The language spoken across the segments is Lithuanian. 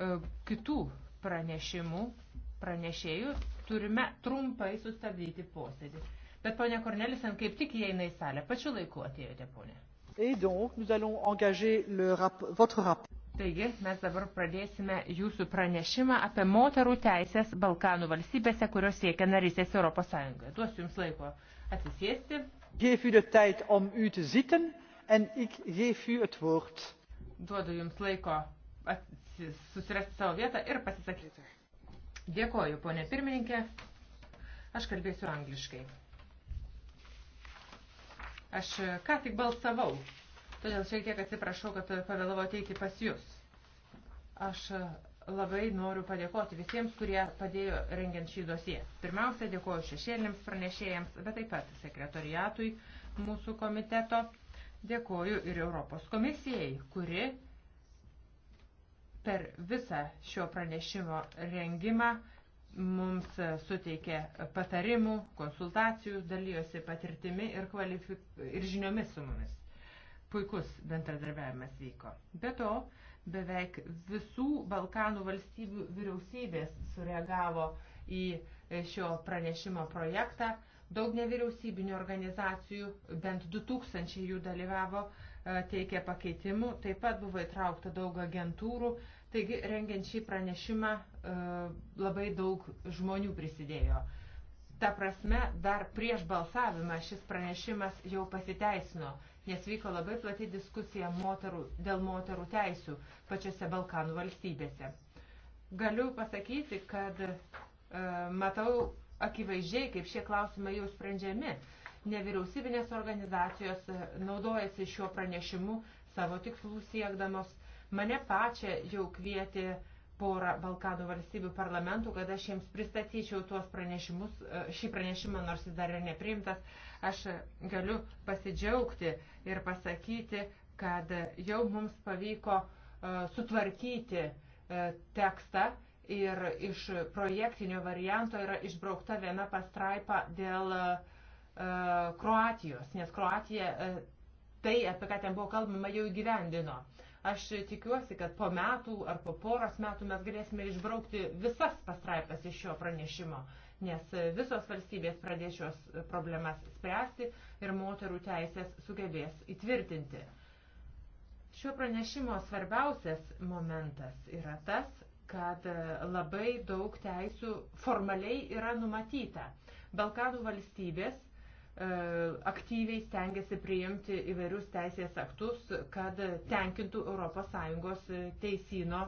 E, kitų pranešimų, pranešėjų, turime trumpai sustabdyti posėdį. Bet ponia Kornelisen, kaip tik įeina į salę, pačiu laiku atėjote, ponia. Taigi, mes dabar pradėsime jūsų pranešimą apie moterų teisės Balkanų valstybėse, kurios siekia narysės Europos Sąjungoje. Duosiu jums laiko atsisėsti. Geef u de tijd om u te zitten um en ik geef u het woord. Duodu jums laiko susirasti savo vietą ir pasisakyti. Dėkoju, ponė pirmininkė. Aš kalbėsiu angliškai. Aš e, ką tik balsavau, todėl šiek tiek atsiprašau, kad pavėlavau ateiti pas jūs. Aš e, labai noriu padėkoti visiems, kurie padėjo rengiant šį dosiją. Pirmiausia, dėkoju šešėlėms pranešėjams, bet taip pat sekretoriatui mūsų komiteto. Dėkoju ir Europos komisijai, kuri per visą šio pranešimo rengimą mums suteikė patarimų, konsultacijų, dalyjosi patirtimi ir, kvalifik... ir žiniomis su mumis. Puikus bendradarbiavimas vyko. Be to, beveik visų Balkanų valstybių vyriausybės sureagavo į šio pranešimo projektą Daug nevyriausybinio organizacijų, bent 2000 jų dalyvavo, e, teikė pakeitimų, taip pat buvo įtraukta daug agentūrų, taigi rengiant šį pranešimą e, labai daug žmonių prisidėjo. Ta prasme, dar prieš balsavimą šis pranešimas jau pasiteisino, nes vyko labai plati diskusija moterų, dėl moterų teisių pačiose Balkanų valstybėse. Galiu pasakyti, kad e, matau akivaizdžiai, kaip šie klausimai jau sprendžiami. Nevyriausybinės organizacijos e, naudojasi šiuo pranešimu savo tikslų siekdamos. Mane pačią jau kvietė porą Balkanų valstybių parlamentų, kad aš jiems pristatyčiau tuos pranešimus, e, šį pranešimą, nors jis dar ir neprimtas. Aš e, galiu pasidžiaugti ir pasakyti, kad jau mums pavyko sutvarkyti tekstą ir iš projektinio varianto yra išbraukta viena pastraipa dėl e, Kroatijos, nes Kroatija e, tai, apie ką ten buvo kalbama, jau įgyvendino. Aš tikiuosi, kad po metų ar po poros metų mes galėsime išbraukti visas pastraipas iš šio pranešimo, nes e, visos valstybės pradės šios problemas spręsti ir moterų teisės sugebės įtvirtinti. Šio pranešimo svarbiausias momentas yra tas, kad e, labai daug teisų formaliai yra numatyta. Balkanų valstybės e, aktyviai stengiasi priimti įvairius teisės aktus, kad tenkintų ES e, teisino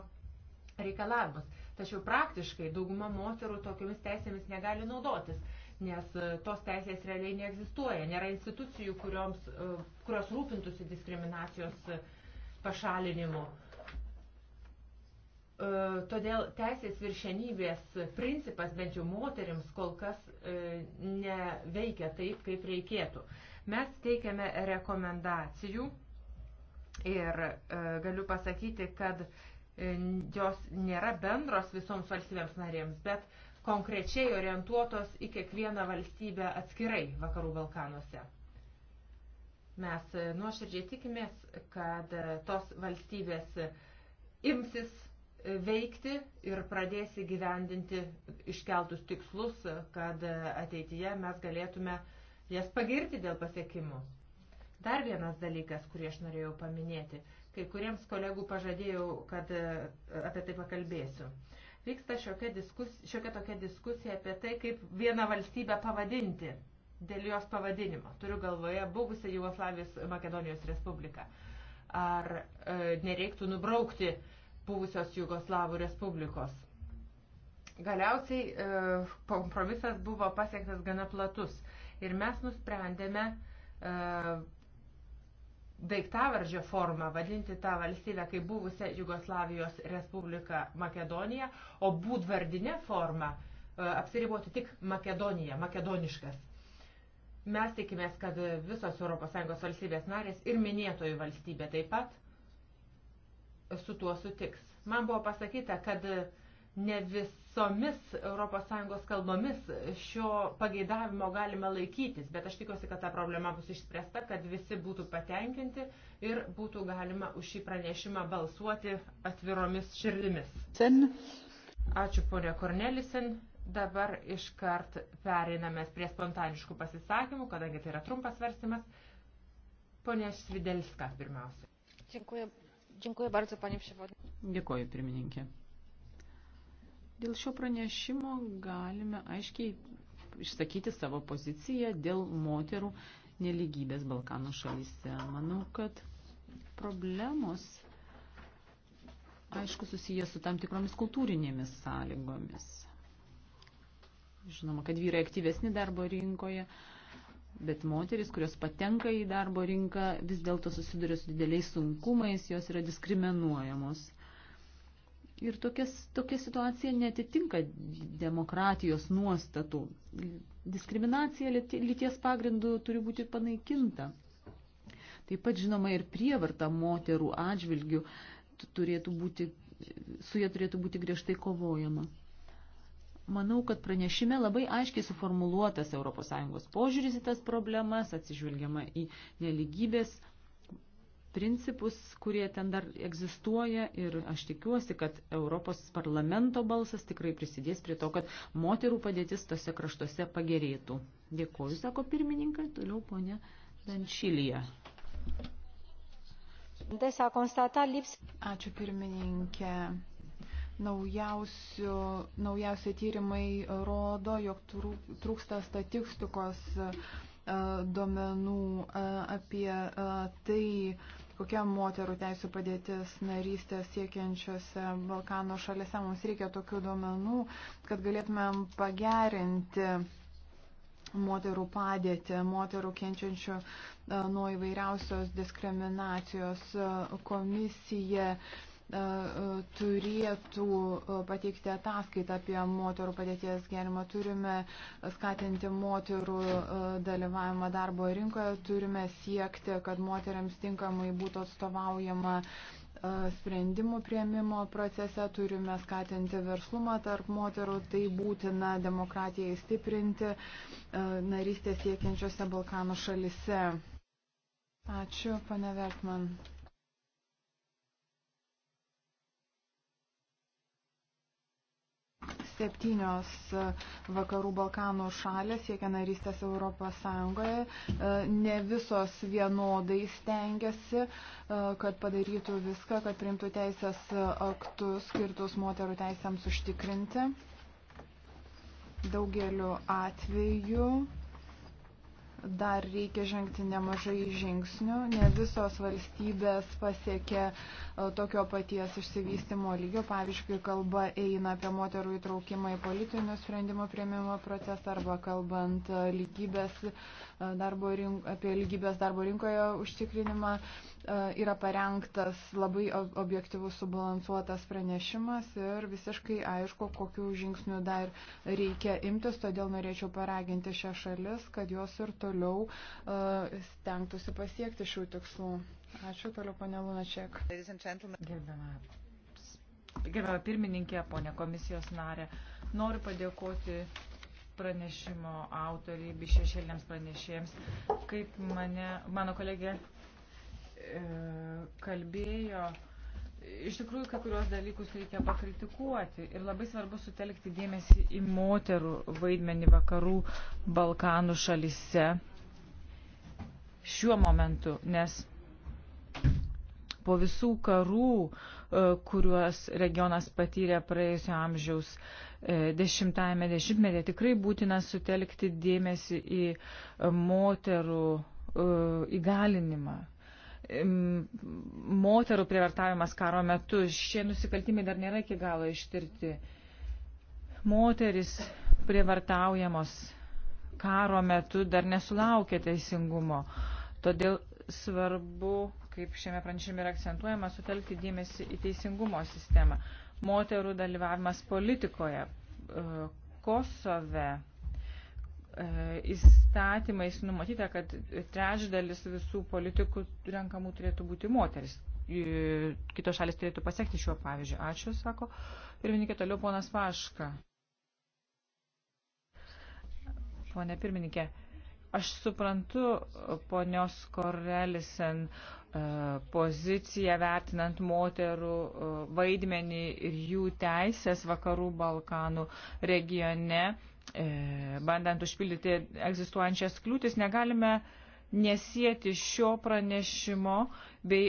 reikalavimus. Tačiau praktiškai dauguma moterų tokiamis teisėmis negali naudotis, nes tos teisės realiai neegzistuoja. Nėra institucijų, kurioms, kurios rūpintųsi diskriminacijos pašalinimu. Uh, E, todėl teisės viršenybės principas bent jau moterims kol kas e, neveikia taip, kaip reikėtų. Mes teikiame rekomendacijų ir e, galiu pasakyti, kad jos nėra bendros visoms valstybėms narėms, bet konkrečiai orientuotos į kiekvieną valstybę atskirai Vakarų Balkanuose. Mes nuoširdžiai tikimės, kad tos valstybės imsis veikti ir pradėsi gyvendinti iškeltus tikslus, kad ateityje mes galėtume jas pagirti dėl pasiekimų. Dar vienas dalykas, kurį aš norėjau paminėti, kai kuriems kolegų pažadėjau, kad e, apie tai pakalbėsiu. Vyksta šiokia, diskus, šiokia tokia diskusija apie tai, kaip vieną valstybę pavadinti dėl jos pavadinimo. Turiu galvoje buvusią Jugoslavijos Makedonijos Respubliką. Ar e, nereiktų nubraukti buvusios Jugoslavų Respublikos. Galiausiai e, kompromisas buvo pasiektas gana platus ir mes nusprendėme e, daiktavardžio formą vadinti tą valstybę kaip buvusią Jugoslavijos Respubliką Makedoniją, o būdvardinę formą e, apsiriboti tik Makedonija, makedoniškas. Mes tikimės, kad visos ES valstybės narės ir minėtojų valstybė taip pat su tuo sutiks. Man buvo pasakyta, kad ne visomis ES kalbomis šio pageidavimo galime laikytis, bet aš tikiuosi, kad ta problema bus išspręsta, kad visi būtų patenkinti ir būtų galima už šį pranešimą balsuoti atviromis širdimis. Sen. Ačiū ponė Kornelisen. Dabar iškart pereiname prie spontaniškų pasisakymų, kadangi tai yra trumpas versimas. Ponė Švidelska pirmiausia. Dziękuję Dėkuoju, bardzo, panie Pševodin. Dėkuoju, pirmininkė. Dėl šio pranešimo galime aiškiai išsakyti savo poziciją dėl moterų neligybės Balkanų šalyse. Manau, kad problemos, aišku, susijęs su tam tikromis kultūrinėmis sąlygomis. Žinoma, kad vyrai aktyvesni darbo rinkoje, Bet moteris, kurios patenka į darbo rinką, vis dėlto susiduria su dideliais sunkumais, jos yra diskriminuojamos. Ir tokia, tokia situacija netitinka demokratijos nuostatų. Diskriminacija lyties pagrindų turi būti panaikinta. Taip pat, žinoma, ir prievarta moterų atžvilgių turėtų būti, su jie turėtų būti griežtai kovojama. Manau, kad pranešime labai aiškiai suformuluotas ES požiūris į tas problemas, atsižvelgiama į neligybės principus, kurie ten dar egzistuoja ir aš tikiuosi, kad Europos parlamento balsas tikrai prisidės prie to, kad moterų padėtis tose kraštuose pagerėtų. Dėkuoju, sako pirmininkai, toliau ponia Dančilija. Ačiū pirmininkė Naujausi tyrimai rodo, jog trūksta statistikos e, duomenų e, apie e, tai, kokia moterų teisų padėtis narystės siekiančiose Balkano šalise. Mums reikia tokių duomenų, kad galėtumėm pagerinti moterų padėtį, moterų kenčiančių nuo įvairiausios diskriminacijos komisija. Uh, E, e, turėtų e, pateikti ataskaitą apie moterų padėties gerimą. Turime skatinti moterų dalyvavimą darbo rinkoje, turime siekti, kad moteriams tinkamai būtų atstovaujama sprendimų prieimimo procese, turime skatinti verslumą tarp moterų, tai būtina demokratijai stiprinti narystės siekiančiose Balkanų šalise. Ačiū, pane Vertman. Septynios e, vakarų Balkanų šalės siekia narystės Europos Sąjungoje. E, ne visos vienodai stengiasi, e, kad padarytų viską, kad primtų teisės aktus skirtus moterų teisėms užtikrinti. Daugeliu atveju dar reikia žengti nemažai žingsnių, ne visos valstybės pasiekė e, tokio paties išsivystimo lygio. Pavyzdžiui, kalba eina apie moterų įtraukimą į politinių sprendimų prieimimo procesą arba kalbant e, lygybės darbo rink, apie lygybės darbo rinkoje užtikrinimą. E, yra parengtas labai objektivus subalansuotas pranešimas ir visiškai aišku, kokiu žingsniu dar reikia imtis, todėl norėčiau paraginti šią šalis, kad jos ir toliau e, stengtųsi pasiekti šių tikslų. Ačiū toliau, ponė Lunačiek. Gerbiama pirmininkė, ponė komisijos narė, noriu padėkoti pranešimo autoriai, bei šešėliniams pranešėjams. Kaip mane, mano kolegė e, kalbėjo, iš tikrųjų, kai kurios dalykus reikia pakritikuoti ir labai svarbu sutelkti dėmesį į moterų vaidmenį vakarų Balkanų šalise šiuo momentu, nes po visų karų, e, kuriuos regionas patyrė praėjusio amžiaus e, dešimtajame dešimtmetėje, tikrai būtina sutelkti dėmesį į e, moterų įgalinimą. Moterų prievartavimas karo metu, šie nusikaltimai dar nėra iki galo ištirti. Moteris prievartaujamos karo metu dar nesulaukė teisingumo. Todėl svarbu kaip šiame pranešime yra akcentuojama, sutelkti dėmesį į teisingumo sistemą. Moterų dalyvavimas politikoje, e, Kosove e, įstatymais numatyta, kad trečdalis visų politikų renkamų turėtų būti moteris. Kitos šalis turėtų pasiekti šiuo pavyzdžiu. Ačiū, sako. Pirmininkė, toliau ponas Paška. Pone pirmininkė, Aš suprantu ponios Korelisen e, poziciją vertinant moterų e, vaidmenį ir jų teisės vakarų Balkanų regione, e, bandant užpildyti egzistuojančias kliūtis, negalime nesėti šio pranešimo bei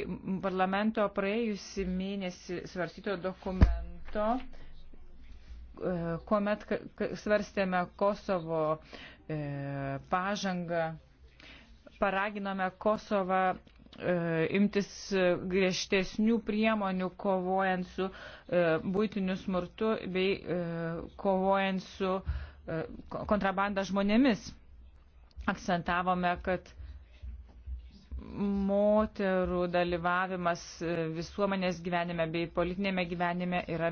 parlamento praėjusį mėnesį svarstyto dokumento E, kuomet svarstėme Kosovo e, pažangą, paraginome Kosovą e, imtis griežtesnių priemonių kovojant su būtiniu smurtu bei kovojant su kontrabanda žmonėmis. Akcentavome, kad moterų dalyvavimas visuomenės gyvenime bei politinėme gyvenime yra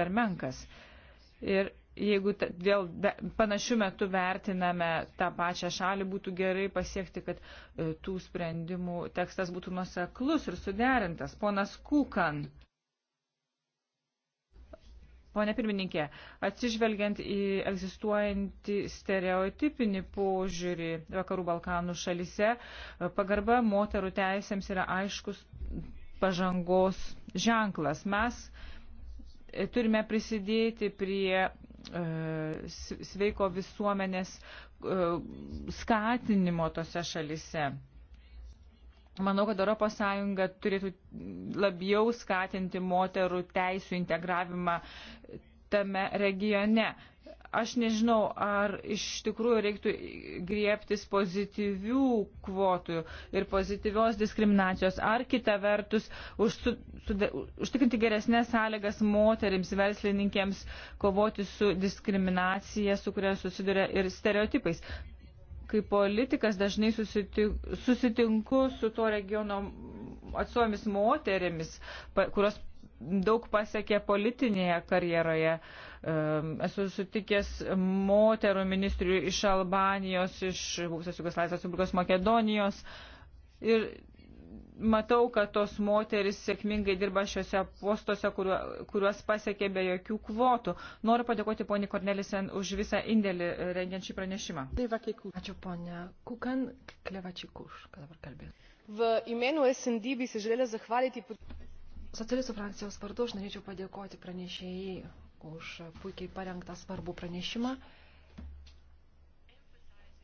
dar menkas. Ir jeigu dėl panašių metų vertiname tą pačią šalį, būtų gerai pasiekti, kad e, tų sprendimų tekstas būtų nuseklus ir suderintas. Ponas Kūkan. Pone pirmininkė, atsižvelgiant į egzistuojantį stereotipinį požiūrį Vakarų Balkanų šalise, e, pagarba moterų teisėms yra aiškus pažangos ženklas. Mes turime prisidėti prie e, sveiko visuomenės e, skatinimo tose šalise. Manau, kad ES turėtų labiau skatinti moterų teisų integravimą tame regione. Aš nežinau, ar iš tikrųjų reiktų griebtis pozityvių kvotų ir pozityvios diskriminacijos, ar kita vertus už, su, su, užtikrinti geresnės sąlygas moterims, verslininkėms kovoti su diskriminacija, su kuria susiduria ir stereotipais. Kaip politikas dažnai susitinku, susitinku su to regiono atsuomis moterimis, pa, kurios daug pasiekė politinėje karjeroje. Uh, Esu sutikęs moterų ministrių iš Albanijos, iš buvusios Jugoslavijos Respublikos Makedonijos ir matau, kad tos moteris sėkmingai dirba šiuose postuose, kuriuos pasiekė be jokių kvotų. Noriu padėkoti poni Kornelisen už visą indėlį rengiant šį pranešimą. Tai Ačiū ponia Kukan, Klevačikuš, kad dabar kalbės. V imenu SND bi se želė zahvalyti. Socialistų frakcijos vardu aš norėčiau padėkoti pranešėjai už puikiai parengtą svarbų pranešimą.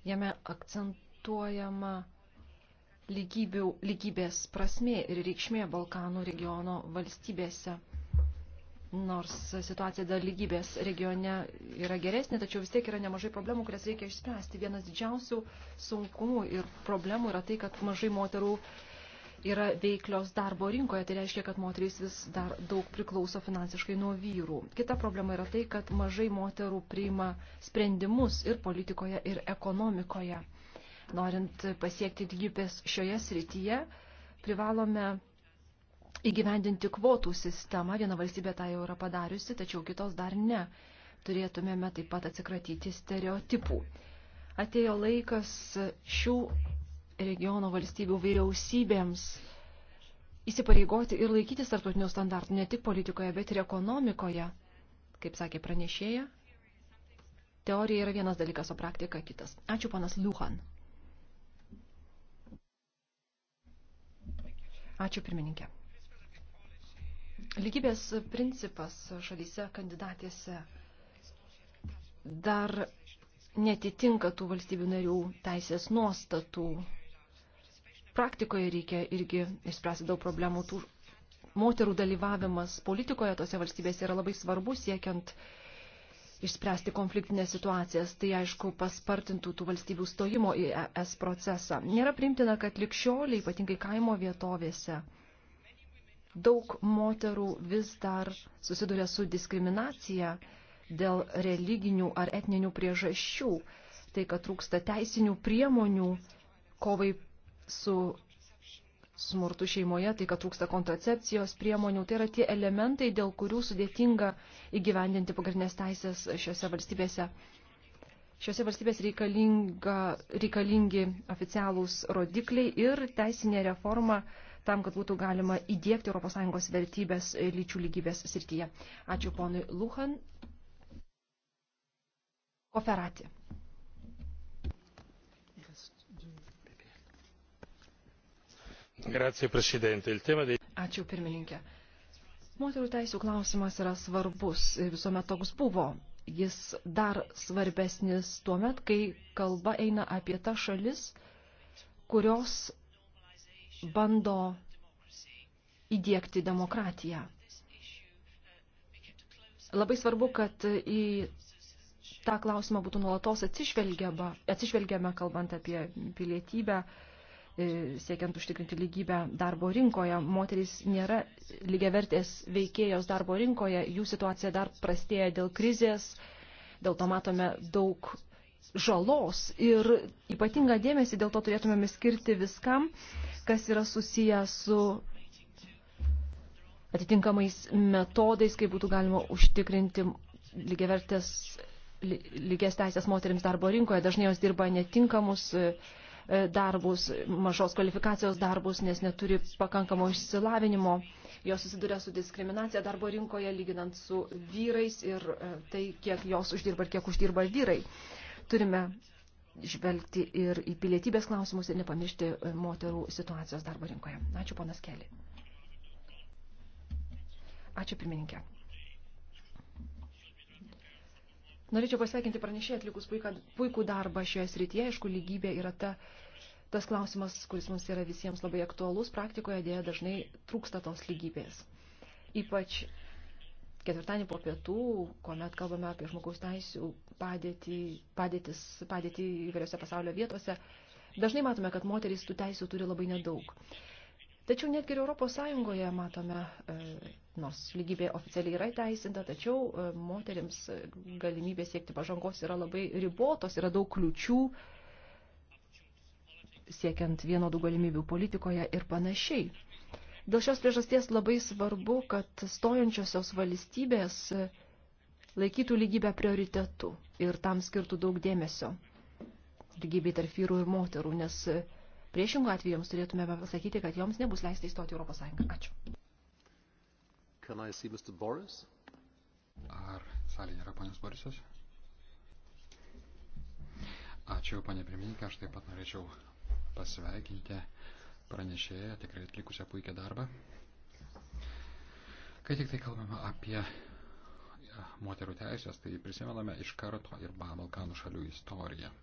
Jame akcentuojama lygybių, lygybės prasmė ir reikšmė Balkanų regiono valstybėse. Nors situacija dėl lygybės regione yra geresnė, tačiau vis tiek yra nemažai problemų, kurias reikia išspręsti. Vienas didžiausių sunkumų ir problemų yra tai, kad mažai moterų uh, yra veiklios darbo rinkoje, tai reiškia, kad moterys vis dar daug priklauso finansiškai nuo vyrų. Kita problema yra tai, kad mažai moterų priima sprendimus ir politikoje, ir ekonomikoje. Norint pasiekti lygybės šioje srityje, privalome įgyvendinti kvotų sistemą. Viena valstybė tą tai jau yra padariusi, tačiau kitos dar ne. Turėtumėme taip pat atsikratyti stereotipų. Atėjo laikas šių regiono valstybių vyriausybėms įsipareigoti ir laikytis tarptautinių standartų ne tik politikoje, bet ir ekonomikoje, kaip sakė pranešėja. Teorija yra vienas dalykas, o praktika kitas. Ačiū, panas Liuhan. Ačiū, pirmininkė. Lygybės principas šalyse kandidatėse dar netitinka tų valstybių narių teisės nuostatų praktikoje reikia irgi išspręsti daug problemų. Tų moterų dalyvavimas politikoje tose valstybėse yra labai svarbus siekiant išspręsti konfliktinės situacijas. Tai aišku paspartintų tų valstybių stojimo į ES procesą. Nėra primtina, kad likščioliai, ypatingai kaimo vietovėse, daug moterų vis dar susiduria su diskriminacija dėl religinių ar etninių priežasčių. Tai, kad trūksta teisinių priemonių kovai su smurtu šeimoje, tai kad trūksta kontracepcijos priemonių, tai yra tie elementai, dėl kurių sudėtinga įgyvendinti pagrindinės teisės šiuose valstybėse. Šiuose valstybės reikalingi oficialūs rodikliai ir teisinė reforma tam, kad būtų galima įdėkti ES vertybės lyčių lygybės srityje. Ačiū ponui Luhan. Koferati. Grazie, prezidente. De... Ačiū, pirmininkė. Moterų teisų klausimas yra svarbus ir visuomet toks buvo. Jis dar svarbesnis tuo met, kai kalba eina apie tą šalis, kurios bando įdėkti demokratiją. Labai svarbu, kad į tą klausimą būtų nuolatos atsižvelgiama, atsižvelgiama kalbant apie pilietybę, E, siekiant užtikrinti lygybę darbo rinkoje. Moterys nėra lygiavertės veikėjos darbo rinkoje, jų situacija dar prastėja dėl krizės, dėl to matome daug žalos ir ypatingą dėmesį dėl to turėtumėme skirti viskam, kas yra susiję su atitinkamais metodais, kaip būtų galima užtikrinti lygiavertės lygias teisės moterims darbo rinkoje. Dažnai jos dirba netinkamus E, darbus, mažos kvalifikacijos darbus, nes neturi pakankamo išsilavinimo. Jos susiduria su diskriminacija darbo rinkoje, lyginant su vyrais ir e, tai, kiek jos uždirba ir kiek uždirba vyrai. Turime žvelgti ir į pilietybės klausimus ir nepamiršti e, moterų situacijos darbo rinkoje. Ačiū, ponas Keli. Ačiū, pirmininkė. Norėčiau pasveikinti pranešėją atlikus puiką, puikų darbą šioje srityje. Aišku, lygybė yra ta, tas klausimas, kuris mums yra visiems labai aktualus. Praktikoje dėja dažnai trūksta tos lygybės. Ypač ketvirtadienį po pietų, kuomet kalbame apie žmogaus teisų padėtį, padėtis, padėtį įvairiose pasaulio vietose, dažnai matome, kad moterys tų teisų turi labai nedaug. Tačiau netgi ir Europos Sąjungoje matome, e, nors lygybė oficialiai yra įteisinta, tačiau e, moteriams e, galimybė siekti pažangos yra labai ribotos, yra daug kliučių siekiant vienodų galimybių politikoje ir panašiai. Dėl šios priežasties labai svarbu, kad stojančiosios valstybės laikytų lygybę prioritetu ir tam skirtų daug dėmesio lygybei tarp vyrų ir moterų, nes Priešingų atveju joms turėtumėme pasakyti, kad joms nebus leista įstoti Europos Sąjungą. Ačiū. Can I see Mr. Boris? Ar salėje yra panas Borisas? Ačiū, panė pirmininkė, aš taip pat norėčiau pasveikinti pranešėją, tikrai atlikusią puikią darbą. Kai tik tai kalbame apie moterų teisės, tai prisimename iš karto ir Balkanų šalių istoriją.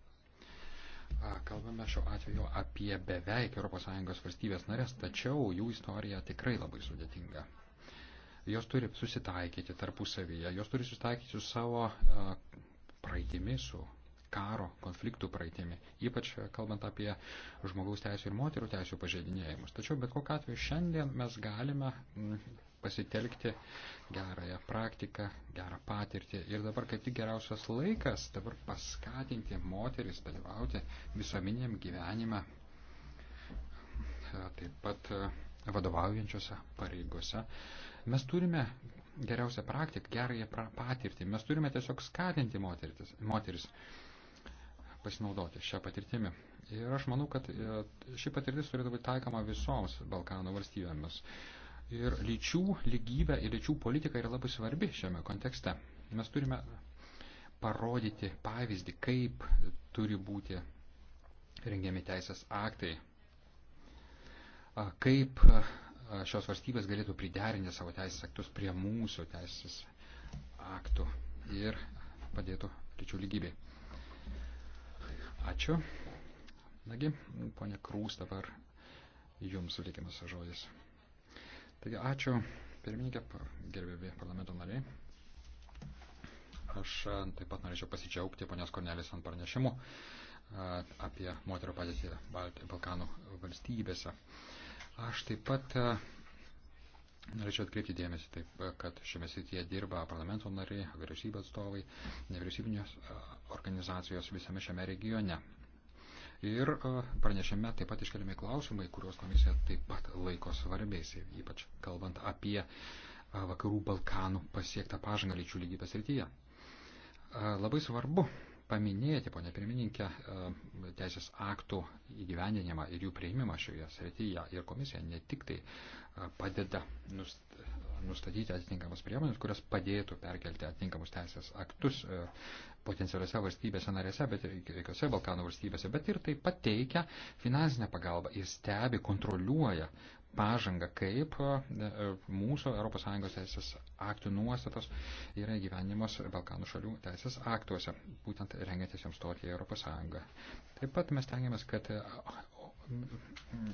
Kalbame šiuo atveju apie beveik ES valstybės narės, tačiau jų istorija tikrai labai sudėtinga. Jos turi susitaikyti tarpusavyje, jos turi susitaikyti su savo praeitimi, su karo konfliktų praeitimi, ypač kalbant apie žmogaus teisų ir moterų teisų pažeidinėjimus. Tačiau bet kokiu atveju šiandien mes galime mm, pasitelkti gerąją praktiką, gerą patirtį. Ir dabar kaip tik geriausias laikas dabar paskatinti moteris dalyvauti visuomeniniam gyvenime, taip pat e, vadovaujančiose pareigose. Mes turime geriausią praktiką, gerąją patirtį. Mes turime tiesiog skatinti moteris, moteris pasinaudoti šią patirtimį. Ir aš manau, kad e, ši patirtis turėtų būti taikoma visoms Balkanų valstybėmis. Ir lyčių lygybė ir lyčių politika yra labai svarbi šiame kontekste. Mes turime parodyti pavyzdį, kaip turi būti rengiami teisės aktai, kaip šios valstybės galėtų priderinti savo teisės aktus prie mūsų teisės aktų ir padėtų lyčių lygybei. Ačiū. Nagi, ponė Krūs dabar jums suteikiamas žodis. Taigi, ačiū pirmininkė, gerbėbi parlamento nariai. Aš taip pat norėčiau pasidžiaugti ponios Kornelis ant pranešimų apie moterų padėtį Balkanų valstybėse. Aš taip pat Norėčiau atkreipti dėmesį taip, kad šiame srityje dirba parlamento nariai, vyriausybės atstovai, nevyriausybinės organizacijos visame šiame regione. Ir pranešime taip pat iškeliami klausimai, kuriuos komisija taip pat laiko svarbiais, ypač kalbant apie vakarų Balkanų pasiektą pažangą lyčių lygybės rytyje. Labai svarbu paminėti, ponė pirmininkė, e, teisės aktų įgyvendinimą ir jų prieimimą šioje srityje. Ir komisija ne tik tai e, padeda nustatyti atitinkamas priemonės, kurios padėtų perkelti atitinkamus teisės aktus e, potencialiuose valstybėse narėse, bet ir kitose Balkanų valstybėse, bet ir taip pat teikia finansinę pagalbą ir stebi, kontroliuoja pažangą, kaip e, mūsų ES teisės aktų nuostatos yra gyvenimas Balkanų šalių teisės aktuose, būtent rengiantis joms stoti į ES. Taip pat mes tengiamės, kad e,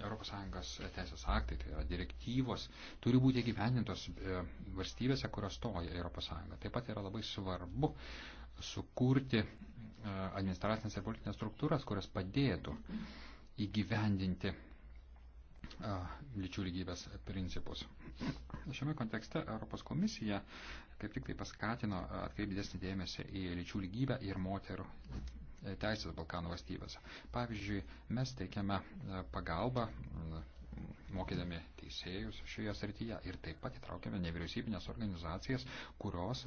ES teisės aktai, tai yra direktyvos, turi būti gyvenintos e, valstybėse, kurios stoja ES. Taip pat yra labai svarbu sukurti administracinės ir politinės struktūras, kurios padėtų įgyvendinti lyčių lygybės principus. Šiame kontekste Europos komisija kaip tik tai paskatino atkreipti didesnį dėmesį į lyčių lygybę ir moterų teisės Balkanų valstybėse. Pavyzdžiui, mes teikiame e, pagalbą mokydami teisėjus šioje srityje ir taip pat įtraukiame nevyriausybinės organizacijas, kurios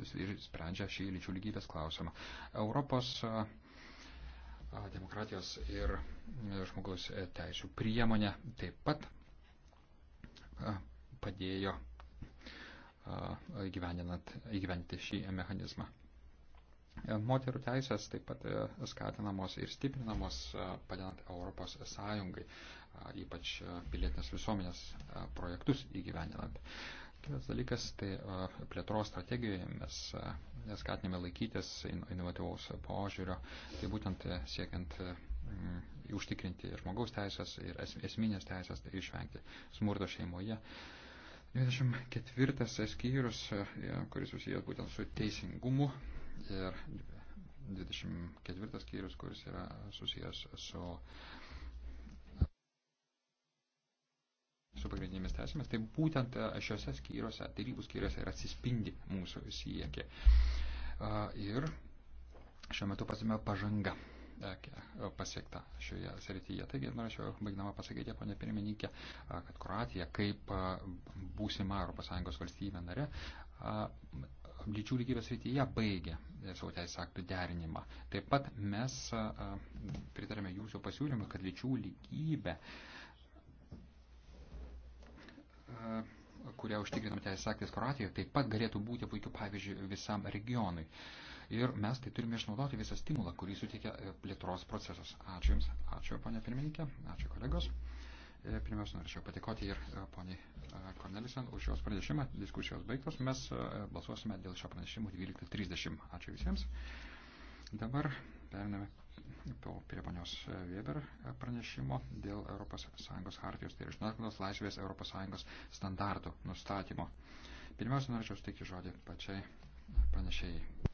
sprendžia šį lyčių lygybės klausimą. Europos uh, demokratijos ir e, žmogaus e, teisų priemonė taip pat padėjo įgyvendinti šį mechanizmą. E, moterų teisės taip pat skatinamos ir stiprinamos padedant Europos Sąjungai, ypač pilietinės visuomenės projektus įgyvendinant. Kitas dalykas, tai plėtros strategijoje mes skatinime laikytis inovatyvaus požiūrio, tai būtent e, siekiant e, užtikrinti žmogaus teisės ir esminės teisės, tai išvengti smurto šeimoje. 24 skyrius, e, kuris susijęs būtent su teisingumu ir 24 skyrius, kuris yra susijęs su su pagrindinėmis teisėmis, tai būtent e, šiuose skyriuose, tarybų skyriuose ir atsispindi mūsų siekiai. Ir šiuo metu pasime pažanga e, e, pasiekta šioje srityje. Taigi norėčiau baigdama pasakyti, ponė pirmininkė, kad Kroatija kaip būsima ES valstybė nare lyčių lygybės rytyje baigė savo teisės aktų derinimą. Taip pat mes pritarėme jūsų pasiūlymą, kad lyčių lygybė uh, E, kurią užtikrinama teisės aktais Kroatijoje, taip pat galėtų būti puikiu pavyzdžiu visam regionui. Ir mes tai turime išnaudoti visą stimulą, kurį suteikia e, plėtros procesas. Ačiū Jums, ačiū ponė pirmininkė, ačiū kolegos. E, pirmiausia, norėčiau patikoti ir poniai Kornelisen už jos pranešimą. Diskusijos baigtos. Mes balsuosime dėl šio pranešimo 12.30. Ačiū visiems. Dabar periname prie ponios e, Weber e, pranešimo dėl ES hartijos, tai išnarkinos laisvės ES standartų nustatymo. Pirmiausia, norėčiau steikti žodį pačiai pranešėjai.